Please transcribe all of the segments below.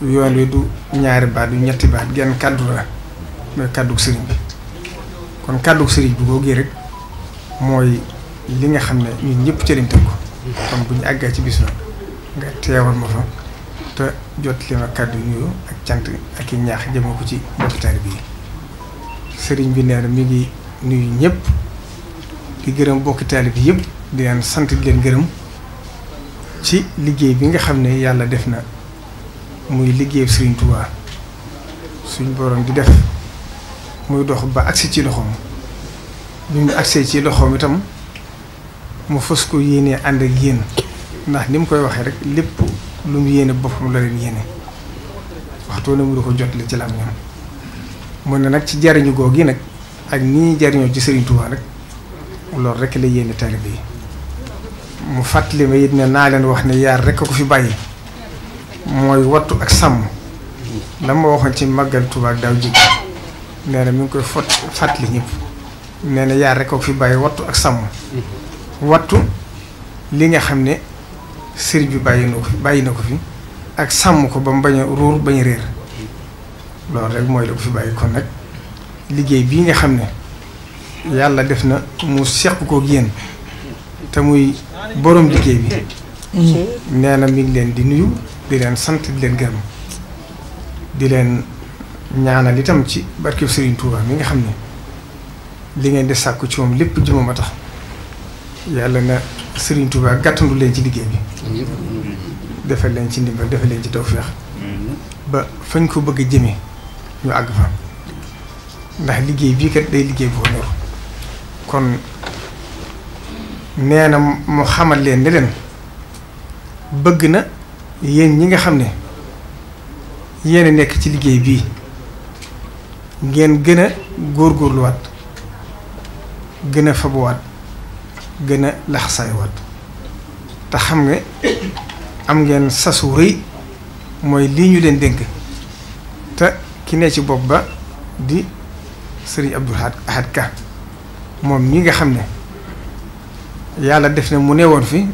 yoon wi du ñaari baat du ñetti baat genn kàddu la mooy kàddug sëriñ bi kon kàddug sëriñ bi boo gii rek mooy li nga xam ne ñun ñëpp cëriñ tënk ko kon bu ñu àggee ci bis na nga teewal ma fa te jot li ma kàddu yu ak cant ak i ñaax jëme ko ci mbokki taalibe yi sëriñ bi nee na mi ngi nuyu ñëpp ki gërëm mbokki taalibe yi yëpp di sant di leen gërëm ci liggéey bi nga xam ne yàlla def na muy liggéeyu Serigne Touba suñ borom di def muy dox ba agsi ci loxoom bi mu agsee ci loxoom itam mu fës ko yéene ànd ak yéen ndax ni mu koy waxee rek lépp lu mu yéene boppam la leen yéene waxtu ne mu di ko jotale ci lam ñam mu ne nag ci jariñu goog yi nag ak ni jariñoo ci Serigne Touba nag loolu rek la yéene taalibe yi mu fàttali ma it ne naa leen wax ne yaar rek a ko fi bàyyi. mooy wattu ak sàmm la ma waxoon ci màggal Tuubaa daaw jig nee na ngi koy fott fàttali ñëpp nee na yaa rek ko fi bàyyi wattu ak sàmm wattu li nga xam ne sëriñ bi bàyyi na ko fi bàyyi na ko fi ak sàmm ko ba mu bañ ruur bañ a réer loolu rek mooy la ko fi bàyyi kon nag liggéey bii nga xam ne yàlla def na mu seq ko yéen te muy boroom liggéey bi mm-hmm. nee na leen di nuyu di leen sant di leen gërëm di leen ñaanal itam ci barkeb Serigne Touba mi nga xam ni li ngeen di sàkku ci moom lépp jëmam a tax yàlla na Serigne Touba gàttandu leen ci liggéey bi defal leen ci ndimbal defal leen ci tawféex ba fañ ko bëgg a ñu àgg fa ndax liggéey bii kat day liggéey boo ñor kon nee na mu xamal leen ne leen bëgg na yéen ñi nga xam ne yéen a nekk ci liggéey bii ngeen gën a góorgóorluwaat gën a fabuwaat gën a laxasaaywaat te xam nga am ngeen sasu rëy mooy lii ñu leen dénk te ki ne ci bopp ba di sëriñ Abdul Ahad Ka moom ñi nga xam ne yàlla def na mu ne woon fii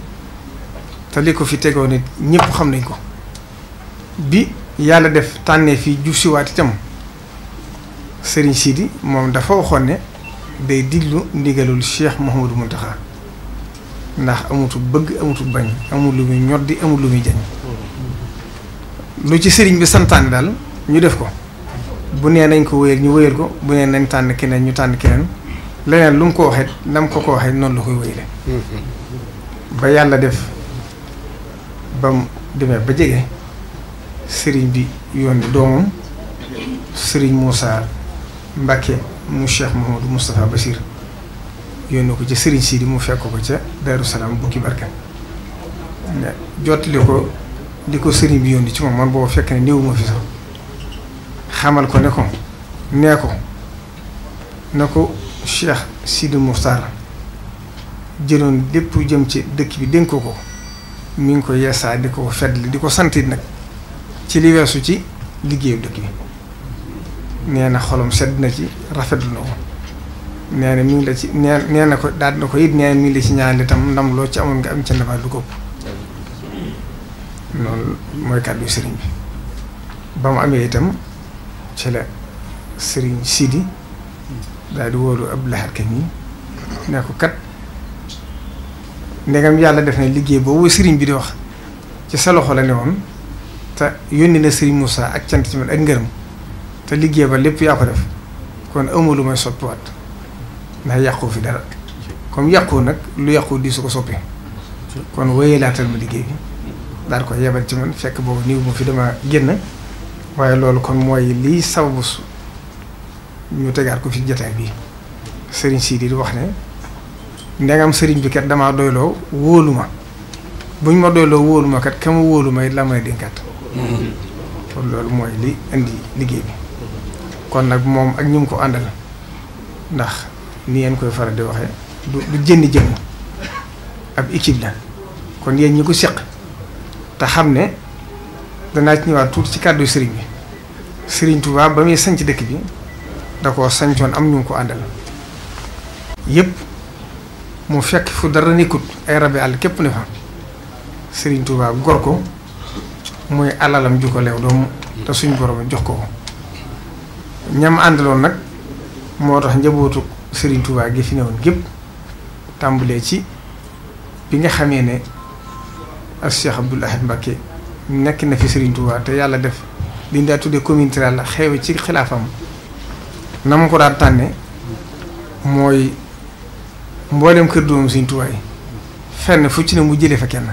te ko fi tegoo nit ñëpp xam nañ ko bi yàlla def tànnee fi jub siwaat itam sëriñ Sidi moom dafa waxoon ne day diglu ndigalul Cheikh Mouhamadou Mountakha ndax amutu bëgg amutu bañ amul lu muy ñoddi amul lu muy jañ lu ci sëriñ bi santaane daal ñu def ko bu nee nañ ko wéyal ñu wéyal ko bu nee nañ tànn keneen ñu tànn keneen leneen lu mu ko waxee nam ko ko waxee noonu la koy wéyale mm-hmm. ba yàlla def ba demee ba jege sëriñ bi yónni doomam sëriñ Moussa Mbacke mu Cheikh Mouhamadou Moustapha Bachir yónni ko ci sëriñ Sidi mu fekk ko ca Darou Salaam bukki barka jottali ko li ko sëriñ bi yónni ci moom man boobu fekk ne néewuma fi sax xamal ko ne ko nee ko na ko Cheikh Sidi Moustar jëloon lépp jëm ci dëkk bi dénk ko ko mi ngi ko yeesaa di ko fedli di ko santit nag ci li weesu ci liggéeyu dëkk bi nee na xolom sedd na ci rafetlu na ko nee na ngi la ci nee nee na ko daal ko it nee na mi ngi la ndam loo ci amoon nga am ca ndamaat lu ko ëpp loolu mooy kàddu sëriñ bi ba mu amee itam ci la sëriñ Sidi daal di wóolu Abdou Lahad Ka ñi ne kat ndegam yàlla def na liggéey boobu sëriñ bi di wax ci sa loxo la ne woon te yónni na sëriñ Moussa ak cant ci man ak ngërëm te liggéey ba lépp yaa ko def kon amul lu may soppiwaat ndax yàqu fi dara comme yàqu nag lu yàqu di su ko soppi kon wéyee laatal ma liggéey bi daal ko yebal ci man fekk boobu nii mu fi dama génn waaye loolu kon mooy liy sababu ñu tegaat ko fi jataay bi sëriñ Sidi di wax ne ndegam sëriñ bi kat damaa doyloo wóolu ma buñ ma doyloo wóolu ma kat ka wóolu may la may dénkaat kon loolu mooy li indi liggéey bi kon nag moom ak ñum ko àndal ndax ni ngeen koy faral di waxee du du jënni jëmm ab équipe la kon yéen ñi ko seq te xam ne danaa ci ñëwaat tuuti ci kàddu sëriñ bi sëriñ Touba ba muy sanc dëkk bi da ko sancoon am ñu ko àndal yépp mu fekk fu dara nekkut ay rabi àll képp ne fa Serigne Touba gor ko mooy alalam ju ko doomu te suñ borom jox ko ko ñam àndaloon nag moo tax njabootu sëriñ Touba gi fi woon gépp tàmbalee ci bi nga xamee ne ak Cheikh Abdoul Ahad Mbacké nekk na fi Serigne Touba te yàlla def li ñu daa tuddee commune Tiraal la xew ci xilaafam na mu ko daan tànne mooy. mbooleem kër doomam Sëriñ Tuubaa yi fenn fu ci ne mu jëlee fa kenn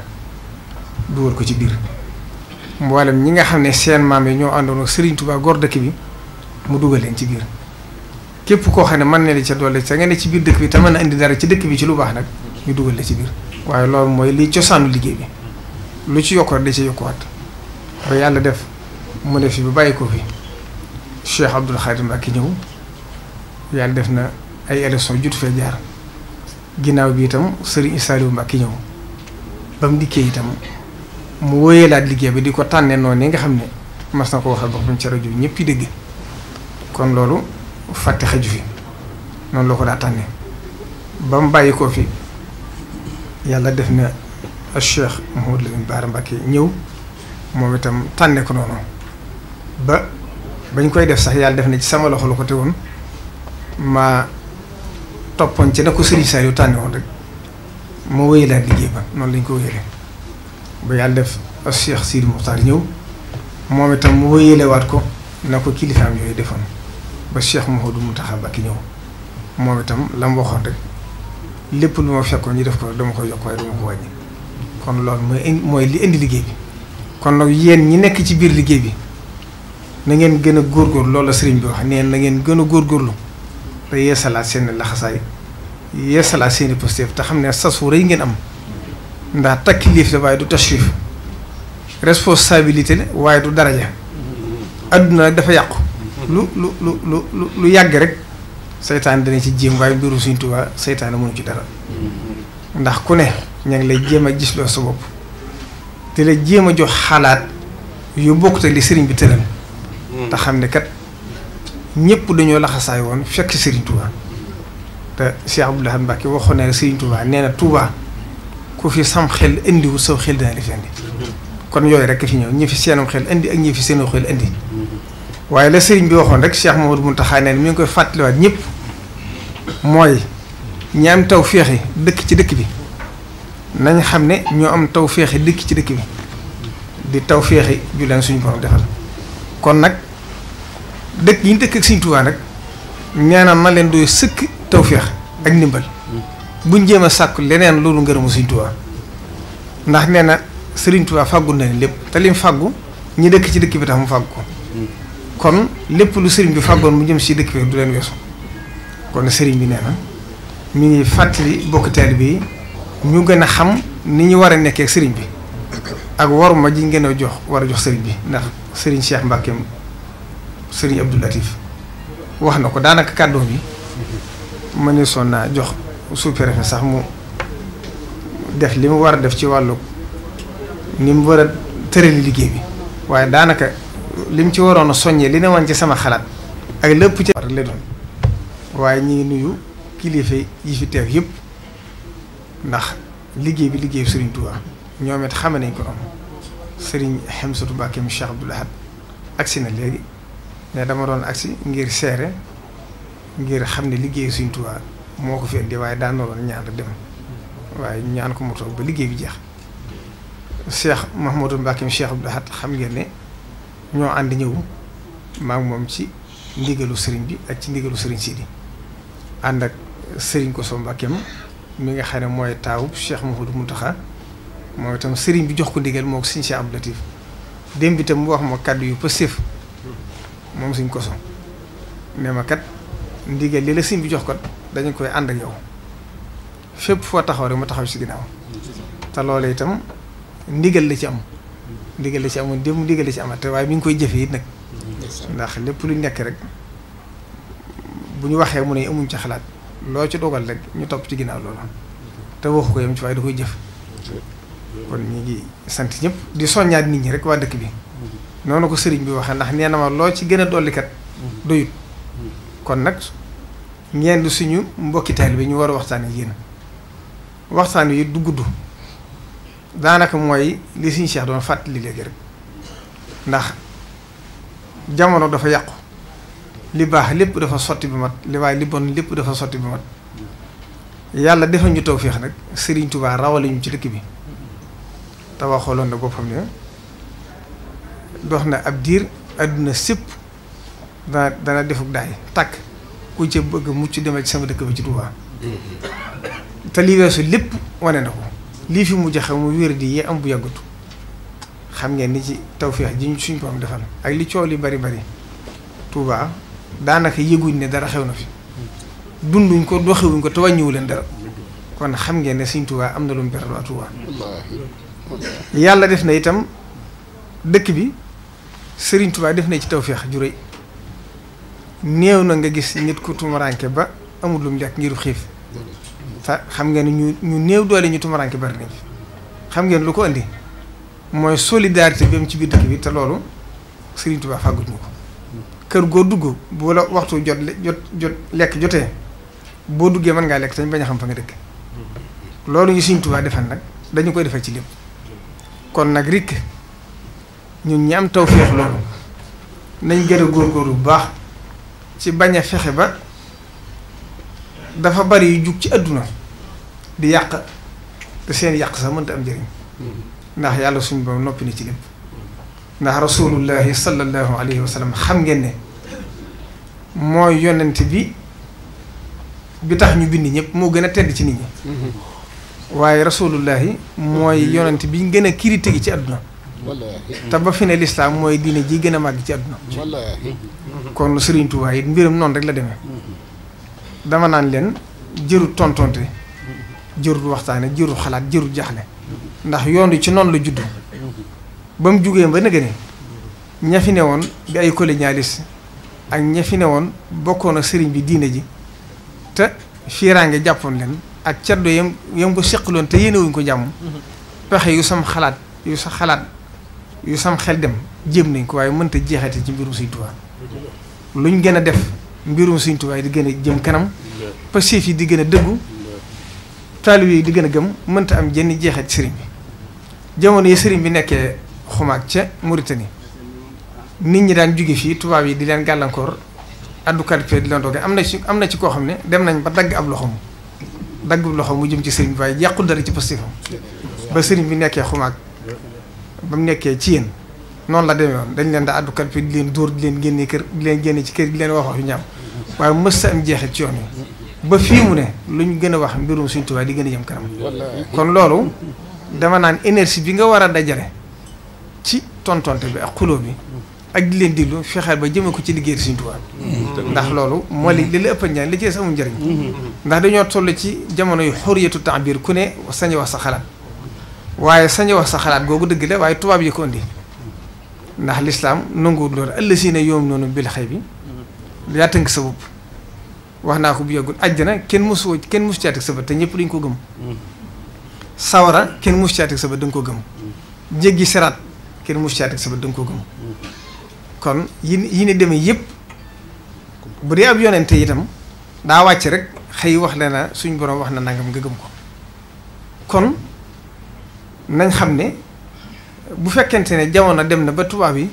dugal ko ci biir mboolem ñi nga xam ne seen maam yi ñoo àndoon Sëriñ Tuubaa goor dëkk bi mu dugal leen ci biir képp koo xam ne mën na li ca doole ca nga ne ci biir dëkk bi te mën na indi dara ci dëkk bi ci lu baax nag ñu dugal la ci biir waaye loolu mooy li cosaanu liggéey bi lu ci yokk rek da ci yokkuwaat ba yàlla def mu ne fi bu bàyyi ko fi Cheikh Abdoul Khadim ki ñëw yàlla def na ay élection jut ginnaaw bi itam Serigne Saliou Mbacké ñëw ba mu dikkee itam mu wóoyeelaat liggéey bi di ko tànnee noonu nga xam ne mas na ko waxal boppam ci rajo ñëpp yi dégg kon loolu fàtte xaju fi noonu la ko daa tànnee ba mu bàyyi koo fi yàlla def na Cheikh Mouhamadou Lamine Bara Mbacké ñëw moom itam tànne ko noonu ba bañ koy def sax yàlla def na ci sama loxo la ko teewoon ma. toppoon ci na ko Serigne Saliou tànne woon rek moo wéyalaat liggéey ba noonu lañ ko wéyalee ba yàlla def ak Cheikh Sidi Moukhtar ñëw moom itam mu wéyalewaat ko na ko kilifaam yooyu defoon ba Cheikh Mouhadou Mountakha Mbacké ñëw moom itam la mu waxoon rek lépp lu ma fekkoon ñu def ko dama ko yokk waaye dama ko wàññi kon loolu mooy mooy li indi liggéey bi kon nag yéen ñi nekk ci biir liggéey bi na ngeen gën a góor góor loolu la sëriñ bi wax neen na ngeen gën a góorgóorlu te yeesalaat seen laxasaay yeesalaat seeni i te xam ne sas wu ngeen am ndax takkilif la waaye du tashrif responsabilité la waaye du daraja àdduna nag dafa yàqu. lu lu lu lu lu yàgg rek seytaan dana ci jéem waaye mbiru Sëriñ Tuubaa seytaan mënu ci dara ndax ku ne ña ngi lay jéem a gis gisloo sa bopp te la jéem a jox xalaat yu bokkute ak li sëriñ bi tëral te xam ne kat. ñëpp dañoo laxasaay woon fekk Serigne Touba te Cheikh Abdoul Ahad Mbacké waxoon na Serigne nee na Touba ku fi sam xel indiwul saw xel dina def kon yooyu rek fi ñëw ñi fi seenam xel indi ak ñi fi seenoo indi waaye la Serigne bi waxoon rek Cheikh Mamadou Mountakha nee na mi ngi koy fàttaliwaat ñëpp mooy ñi am taw dëkk ci dëkk bi nañ xam ne ñoo am taw féexe dëkk ci dëkk bi di taw féexe ju leen suñu borom defal kon nag. dëkk yi ñu dëkk ak Sëriñ Tuubaa nag ñaanam na leen doy sëkk tawféex ak ndimbal buñ jéem a sàkku leneen loolu ngërëmu Sëriñ Tuubaa ndax nee na Sëriñ Tuubaa fàggu na lépp te lim fàggu ñi dëkk ci dëkk bi tax mu fàggu ko kon lépp lu sëriñ bi fàggoon mu jëm si dëkk bi du leen weesu kon sëriñ bi nee na mi ngi fàttali bokk taalibe yi ñu gën a xam ni ñu war a nekkee sëriñ bi ak waruma ji ngeen a jox war a jox sëriñ bi ndax sëriñ Cheikh Mbacke Serigne Abdou Latif wax na ko daanaka kàddoo yi ma ne soon naa jox sous-préfet sax mu def li mu war a def ci wàllu ni mu war a tërali liggéey bi waaye daanaka li mu ci waroon a soññee li ne woon ci sama xalaat ak lépp ci war la doon waaye ñu ngi nuyu kilifa yi fi teew yëpp ndax liggéey bi liggéey Serigne Touba ñoom it xame nañ ko am Serigne Xamsatu Mbàkke mi Cheikh Abdoul Ahad agsi na léegi ne dama doon agsi ngir seere ngir xam ne liggéey Sëriñ Tuubaa moo ko fi indi waaye daan na doon ñaan dem waaye ñaan ko moto ba liggéey bi jeex Cheikh Mouhamadou Mbacké Cheikh Abdou Lahad xam ngeen ne ñoo ànd ñëw maa ngi moom ci ndigalu sëriñ bi ak ci ndigalu sëriñ Sidi ànd ak sëriñ Koso Mbacké mi nga xam ne mooy taawub Cheikh Mouhamadou Mountakha mooy itam sëriñ bi jox ko ndigal moo ko Sëriñ Cheikh Abdou Latif démb itam mu wax ma kàddu yu pësif moom suñ koso ne ma kat ndigal li la sëñ bi jox kat dañu koy ànd ak yow fépp foo taxaw rek mu taxaw ci ginnaaw te loolee itam ndigal la ci am ndigal la ci amoon démb ndigal la ci waaye mi ngi koy jëfee it nag ndax lépp lu nekk rek bu ñu waxee mu ne amuñ ci xalaat loo ci dogal rek ñu topp ci ginnaaw loolu te waxu ko yam ci waaye da koy jëf kon ñu ngi sant ñëpp di soññaat nit ñi rek waa dëkk bi noonu ko sëriñ bi waxee ndax nee na ma loo ci gën a dolli kat mm-hmm. doyut mm-hmm. kon nag ngeen di suñu mbokki taalibe bi ñu war a waxtaan ak yéen waxtaan wi du gudd daanaka mooy li suñu Cheikh doon fàttali léegi rek ndax jamono dafa yàqu li baax lépp dafa sotti bi mat li waaye li bon lépp dafa sotti bi mat yàlla defa ñu tawféex nag Sëriñ tubaa rawale lañu ci dëkk bi te waxaloon na boppam ne dox na ab diir àdduna sépp dana dana defuk daay tàkk ku ci bëgg mucc demal ci sama dëkk bi ci Touba mm-hmm. te lii weesu lépp wane na ko lii fi mujj xew mu wér di yee am bu yàggatu xam ngeen ni ci tawféex ji suñ ko am defal ak li coow li bari bari Touba daanaka yëguñ ne dara xew na fi dunduñ ko doxewuñ ko te wàññiwu leen dara kon xam ngeen ne Sëñ Touba am na lu mu beral waa Touba yàlla def na itam dëkk bi Serigne tubaa def na ci tawféex ju rëy néew na nga gis nit ku tumuraanke ba amul lum lekk ngir xiif te xam ngeen ne ñu ñu néew doole ñu tumuraanke bari nañ xam ngeen lu ko indi mooy solidarité bi am ci biir dëkk bi te loolu Serigne Touba fàggut ñu ko. kër goo dugg bu la waxtu jot jot jot lekk jotee boo duggee mën ngaa lekk te ñu bañ a xam fa nga dëkk loolu ñu Serigne Touba defal nag dañu koy defee ci lépp kon nag rikk ñun ñi am tawféex loolu nañ gën a góorgóorlu bu baax ci bañ a fexe ba dafa bari yu jug ci àdduna di yàq te seen yàq sax mënta am njëriñ ndax yàlla suñu borom noppi na ci lépp ndax rasulullahi sallallahu alayhi wa xam ngeen ne mooy yonent bi bi tax ñu bind ñëpp moo gën a tedd ci nit ñi mm-hmm. waaye rasulullahi mooy yonent bi gën a kirite gi ci àdduna te ba fi ne lislaam mooy diine ji gën a màgg ci àdduna kon Sëriñ Tuubaa mbiram noonu rek la demee dama naan leen jërut tontonte jërut waxtaane jërut xalaat jërut jaxle ndax yoon ci noonu la juddu ba mu jugee ba nëgë ne ña fi ne woon di ay colonialiste ak ña fi ne woon bokkoon ak sëriñ bi diine ji te fiiraange jàppoon leen ak caddo yam yam ko seqaloon te yéenewuñ ko jàmm pexe yu sam xalaat yu sa xalaat yu sam xel dem jéem nañ ko waaye mënta jeexate ci mbirum Sëñ lu ñu gën a def mbirum Sëñ Tuubaa di gën a jëm kanam passif yi di gën a dëggu taalib yi di gën a gëm mënta am jenn jeexat ci sëriñ bi jamono yi sëriñ bi nekkee xumaag ca Mauritanie nit ñi daan jóge fii tubaab yi di leen gàllankoor addukat di leen doge am na ci am na ci koo xam ne dem nañ ba dagg ab loxoom dagg ab mu jëm ci sëriñ bi waaye yàqu dara ci passifam ba sëriñ bi nekkee xumaag ba mu nekkee ci yéen noonu la demee woon dañ leen daa àddu kalpe di leen dóor di leen génne kër di leen génne ci kër di leen wax wax yu ñaam waaye mës sa am jeexit ci yoon yi ba fii mu ne lu ñu gën a wax mbirum Sëriñ Tuubaa di gën a jëm kanam kon loolu dama naan énergie bi nga war a dajale ci tontonte bi ak xuloo bi di leen diglu fexeel ba jëmee ko ci liggéey Sëriñ Tuubaa ndax loolu moo li li la ëpp njariñ li ci des amul njariñ mm-hmm. ndax dañoo toll ci jamono yu xoriyatu biir ku ne sañ wax sa xalaat waaye sañ wax sa xalaat googu dëgg la waaye tubaab yi ko indi ndax lislaam nanguwul loolu ëllëg si ne yoom noonu bil xay bi yaa tënk sa bopp wax naa ko bu yàggul na kenn mosu kenn mosu caatik sa bët te ñëpp dañ ko gëm sawara kenn mosu caatik sa bët dañ ko gëm seraat kenn mosu caatik sa bët dañ ko gëm kon yi yi ne demee yëpp bu dee ab yonente itam daa wàcc rek xëy wax le na suñ borom wax na nangam nga gëm ko kon nañ xam ne bu fekkente ne jamono dem na ba tubaab yi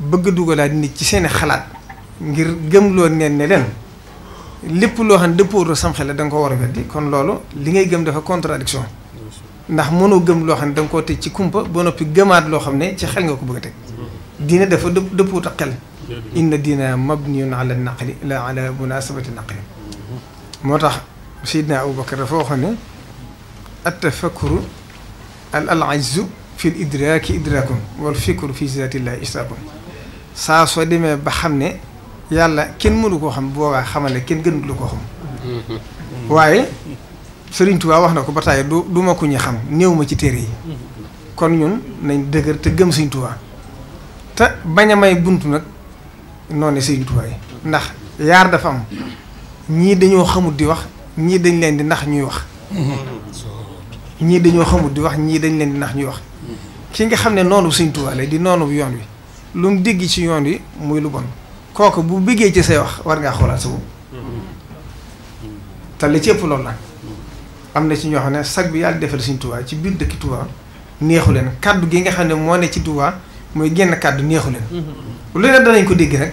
bëgg dugalaat nit ci seeni xalaat ngir gëm gëmloo neen ne leen lépp loo xam ne dëppoo sam xel da nga ko war a weddi kon loolu li ngay gëm dafa contradiction ndax mënoo gëm loo xam ne da nga koo tëj ci kumpa ba noppi gëmaat loo xam ne ci xel nga ko bëgg a teg diine dafa dë dëppoot ak xel inna diina mabniyun ala naqli la ala munasabati naqli moo tax Seydina Abubakar dafa waxoon ne at tafakkuru al al ajzu fi l idraaki wal fikru fi zaatillahi israakum saa soo demee ba xam ne yàlla kenn mënu koo xam boobaa xamale kenn gënu lu koo xam mm-hmm. waaye Sëriñ Tuubaa wax na ko ba tàyyi du duma ko ñu xam néew ma ci téere yi mm-hmm. kon ñun nañ dëgër te gëm Sëriñ te bañ a may buntu nag noone Sëriñ ndax yaar dafa am ñii dañoo xamut di wax ñii dañ leen di ndax ñuy wax mm-hmm. ñii dañoo xamul di wax ñii dañ leen di nax ñuy wax mm-hmm. ki nga xam ne noonu Sëñ Tuubaa la di noonu yoon wi lu mu dégg ci yoon wi muy lu bon kooku bu biggee ci say wax war ngaa xoolaat sa bopp mm-hmm. te li ci ëpp loolu la mm-hmm. am na ci ñoo xam ne sag bi yàlla defal Sëñ Tuubaa ci biir dëkki Tuubaa neexu leen kàddu gi nga xam ne moo ne ci Tuubaa mooy génn kàddu neexu leen lu ne danañ ko dégg rek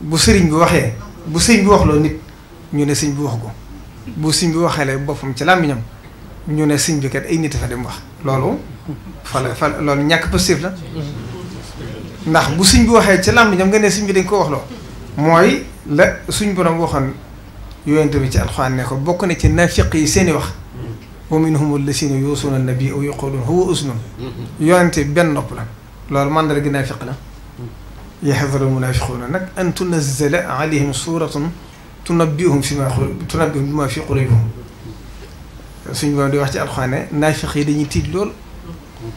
bu sëriñ bi waxee bu sëriñ bi wax loo nit ñu ne sëriñ bi wax ko bu sëriñ bi waxee ci làmmiñam ñu ne sëñ bi kat ay nit fa dem wax loolu fa la fa loolu ñàkk positif la ndax bu sëñ bi waxee ci làmb ñam nga ne sëñ bi dañ ko wax loo mooy la suñ borom waxoon yonent bi ci alxuraan ne ko bokk na ci nafiq yi seeni wax wa minhum allasina yuusuuna annabiyya aw yaquluuna huwa usnun yonent benn nopp la loolu mandarga naafiq la yaxdaru almunafiquuna nag an tunazala alayhim suratun tunabbihum fi ma tunabihum bi ma fi qulubihim suñu borom di wax ci alxuraan ne naafiq yi dañuy tiit lool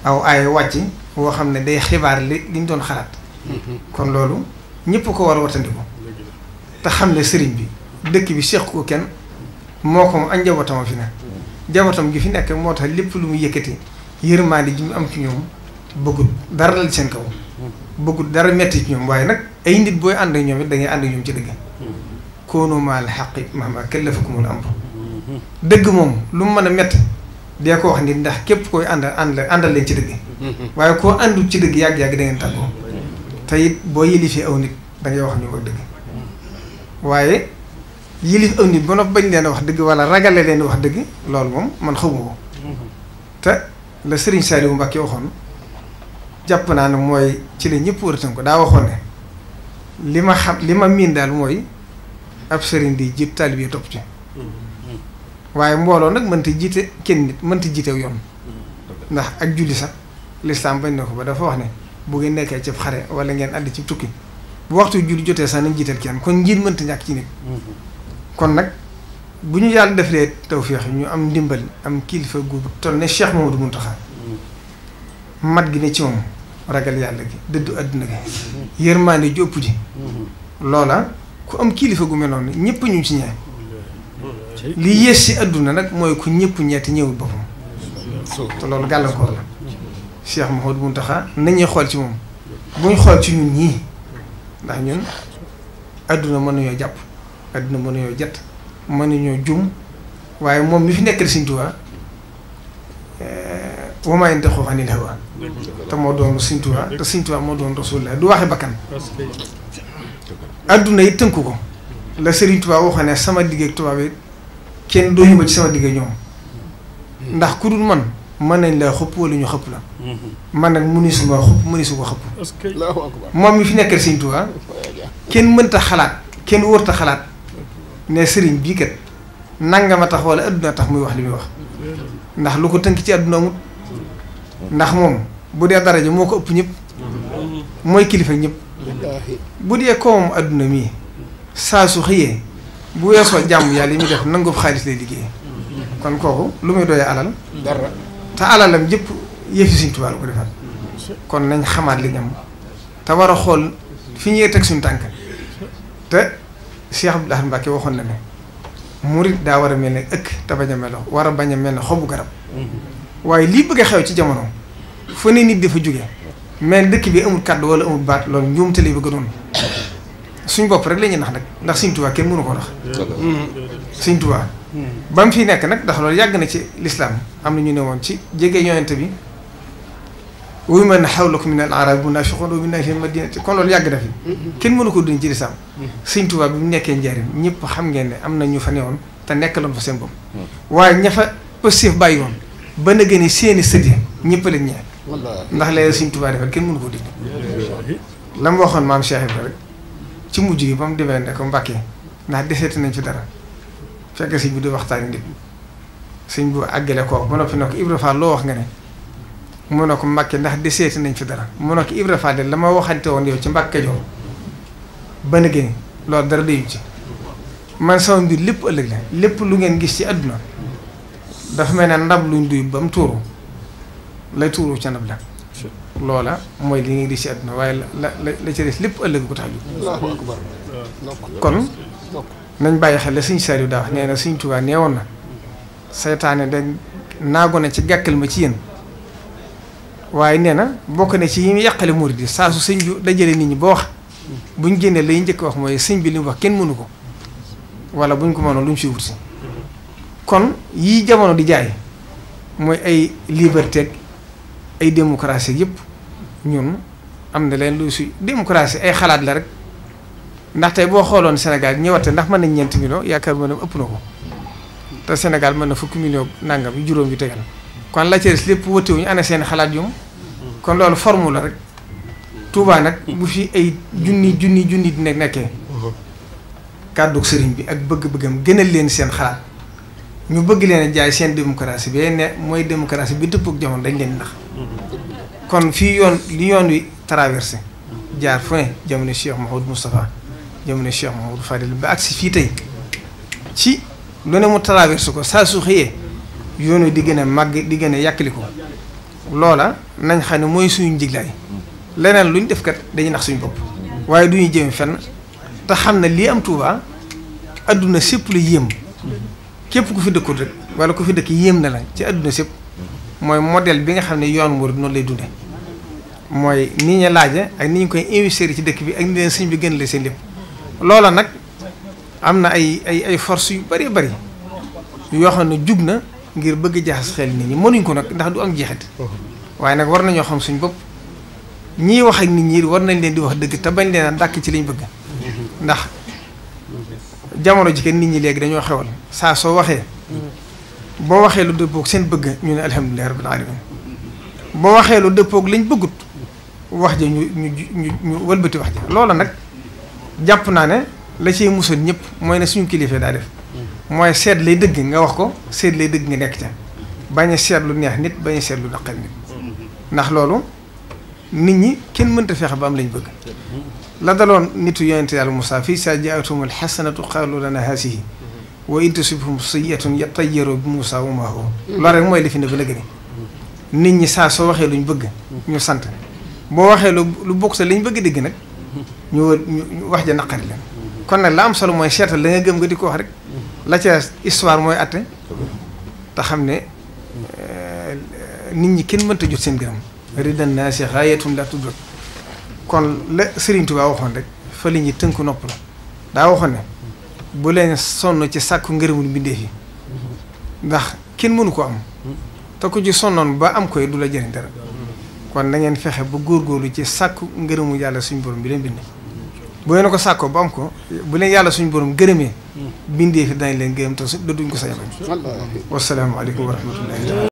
aw ay wàcc boo xam ne day xibaar li li doon xalaat kon loolu ñëpp ko war a watandiku te xam ne sëriñ bi dëkk bi seq ko kenn moo ko ak njabootam fi ne njabootam gi fi nekk moo tax lépp lu mu yëkkati yërmaande ji mu am ci ñoom bëggul dara dal seen kaw bëggul dara metti ci ñoom waaye nag ay nit booy ànd ak ñoom it da ngay ànd ak ñoom ci dëgg mm-hmm. koonu maal xaqi mahma kallafakumul amr dëgg moom lu mu mën a mett dee ko wax nit ndax képp koy ànd ànd àndal leen ci dëgg. waaye koo àndul ci dëgg yàgg yàgg da ngeen tàggoo. te it boo yilifee aw nit da wax ñu wax dëgg waaye yilif ba noppi bañ leen wax dëgg wala ragale leen wax dëgg loolu moom man xamu ko te la Serigne Saliou Mbacké waxoon jàpp naa ne mooy ci la ñëpp war ko daa waxoon ne li ma xam li ma miin daal mooy ab sëriñ di jiit taalibe topp ci. waaye mbooloo nag mënta jiite kenn nit mënta jiitew yoon mm. ndax ak julli sax lislaam bañ ne ko ba dafa wax ne bu ngeen nekkee ci xare wala ngeen ànd ci tukki bu waxtu julli jotee sax nañ jiital kenn kon njiit mënta ñàkk ci nit mm-hmm. kon nag bu ñu yàlla defalee tawféex ñu am ndimbal am kilifa gu toll ne Cheikh Mamadou Mountakha mm-hmm. mat gi ne ci moom ragal yàlla gi dëddu àdduna gi mm-hmm. yërmaande ju ëpp ji loola ku am kilifa gu mel noonu ñëpp ñu ci ñee li yées ci adduna nag mooy ku ñëpp ñetti ñëwul boppam te loolu gàllankoor la Cheikh Mouhamadou Mountakha nañuy xool ci moom buñ xool ci ñun ñii ndax ñun adduna mënuñoo jàpp adduna mënuñoo jat mënuñoo jum waaye moom mi fi nekk Sëriñ Tuubaa eh, wamaa yantiqu anil hawaa te moo doon du waxe bakkan yi tënku ne sama digg ak tubaab yi kenn doyu ma ci sama digg ñoom hmm. ndax ku dul man mën nañ la xëpp wala ñu xëpp la hmm. man nag mënuñu suma xëpp mënuñu su ko xëpp moom mi fi nekkal Sëriñ Tuubaa kenn mënta xalaat kenn wërta xalaat ne sëriñ bii kat nangama tax wala adduna tax muy wax li muy wax ndax lu ko tënk ci adduna amut ndax moom bu dee daraja moo ko ëpp ñëpp hmm. mooy kilifa ñëpp bu dee koomam àdduna mii saa su xëyee bu weesoo jàmm yàlla li muy def nangu xaalis lay liggéey kon kooku lu muy doyee alal dara te alalam yëpp yëfi Sëriñ Tuubaa ko defal kon nañ xamaat li ñam te war a xool fi ñuy teg suñu tànk te Cheikh Abdoul Ahad Mbacké waxoon na ne murit daa war a mel ne ëkk te bañ a melo war a bañ a mel ne xobu garab waaye lii bëgg a xew ci jamono fu ne nit dafa jóge mais dëkk bi amul kàddu wala amul baat loolu te lay bëgg doon suñ bopp rek la ñuy nax nag ndax Sëñ Tuubaa kenn mënu ko nax Sëñ Tuubaa ba mu fi nekk nag ndax loolu yàgg na ci lislaam am na ñu ne woon ci jege ñooyante bi wuyu ma ne xaw min ko arab munafiqun wa min ahli madinati kon yàgg na fi kenn mënu ko duñ ci lislaam Sëñ Tuubaa bi mu nekkee njariñ ñëpp xam ngeen ne am na ñu fa newoon te nekk nekkaloon fa seen bopp waaye ña fa positif bàyyi woon ba na gën a seeni sëddi ñëpp leen ñee ndax léegi Sëñ Tuubaa defal kenn mënu ko dindi la mu waxoon maam Cheikh Ibrahima rek ci mujj gi ba mu demee ne ko Mbàkke ndax deseeti nañ fi dara fekk si bi di waxtaan nit sëñ bu àggale ko mu ne ko Ibra Fall loo wax nga ne mën ne ko Mbàkke ndax deseeti nañ fi dara mu ne ko Ibra Fall de la ma waxante woon yow ci Mbàkke joo ba na génn loolu dara doyul ci man sama mbir lépp ëllëg la lépp lu ngeen gis ci àdduna dafa mel ne ndab luñ duy ba mu tuuru lay tuuru ca ndab la loola mooy li ñuy di si àdduna waaye la la la ci des lépp ëllëg ko tax ju kon nañ bàyyi xel la sëñ Saliou daa wax nee na sëñ Tuubaa nee woon na saytaane da naago na ci gàkkal ma ci yéen waaye nee na bokk ne ci yi ñu yàqale murid yi saa su sëñ da dajale nit ñi boo wax buñ génnee la ñu njëkk wax mooy sëñ bi li wax kenn mënu ko wala buñ ko mënoon lu mu si wut si kon yii jamono di jaay mooy ay liberté ay démocratie yëpp ñun am na leen lu si démocratie ay xalaat la rek ndaxte boo xooloon Sénégal ñëwate ndax mën nañ ñeenti million yaakaar ma ne ëpp na ko te Sénégal mën na fukki million nangam bi juróom yu tegal kon la ci lépp wëte wuñu ana seen xalaat yum kon loolu forme la rek Touba nag bu fi ay junni junni junni di nekkee kàddug sëriñ bi ak bëgg-bëggam gënal leen seen xalaat ñu bëgg leen jaay seen démocratie bi ne mooy démocratie bi dëpp ak jamono dañ leen kon fii yoon li yoon wi traversé jaar fu ne jamono Cheikh Mouhamadou Moustapha jamono Cheikh Mouhamadou Fadil ba agsi fii tey ci lu ne mu traversé ko saa su xëyee yoon wi di gën a màgg di gën a yàkkali ko loola nañ xam ne mooy suñu njiglaay leneen luñ def kat dañuy nax suñu bopp waaye du ñu jëm fenn te xam na lii am Tuuba àdduna sépp lu yéem képp ku fi dëkkul rek wala ku fi dëkk yéem na la ci àdduna sépp mooy modèle bi nga xam ne yoon murid noonu lay dunde mooy ni ñu laaje ak ni ñu koy investir ci dëkk bi ak ni leen sëñ bi gën la seen lépp loola nag am na ay ay ay force yu bari bari yoo xam ne jug na ngir bëgg jaxas xel nit ñi mënuñ ko nag ndax du am jeexit waaye nag war nañoo xam suñ bopp ñii wax ak nit ñi war nañ leen di wax dëgg te bañ leen a dàkk ci liñ bëgg ndax jamono ji kenn nit ñi léegi dañoo xewal saa soo waxee boo waxee lu dëppoog seen bëgg ñu ne alhamdulilah rabbil alamin boo waxee lu dëppook lañ bëggut wax ja ñu ñu ñu wëlbati wax ja loola nag jàpp naa ne la cee musal ñëpp mooy ne suñu kilifa daa def mooy seet lay dëgg nga wax ko seet dëgg nga nekk ca bañ a seet lu neex nit bañ seet lu naqal nit ndax loolu nit ñi kenn mënta fexe ba am lañ bëgg la daloon nitu yonente yàlla Moussa fii sa jaatumul xasanatu qaalu lana haasihi wa in tusibhum sayyi'atun yattayyaru bi Muusaa wa ma'ahu loolu rek mooy li fi ne ba nag nit ñi saa soo waxee luñ bëgg ñu sant boo waxee lu lu bokk sa liñ bëgg dégg nag ñu wax ja naqari leen kon nag la am solo mooy seetal la nga gëm nga di ko wax rek la ca histoire mooy atte te xam ne nit ñi kenn mënta jot seen gërëm ridan naasi xaayatun la tudrak kon la sëriñtu Touba waxoon rek fa li ñuy tënk nopp la daa waxoon ne bu leen sonn ci sàkk ngërëmul mbindéef yi ndax kenn mënu ko am te ku ci sonnoon ba am koy du la jëriñ dara kon na ngeen fexe ba góor góorlu ci sàkku ngërëmu yàlla suñu borom bi leen bind bu ngeen ko sàkkoo ba am ko bu leen yàlla suñu borom gërëmee bindee fi dañ leen gërëm te duñ ko sañ a bañ wasalaamaaleykum wa rahmatullahi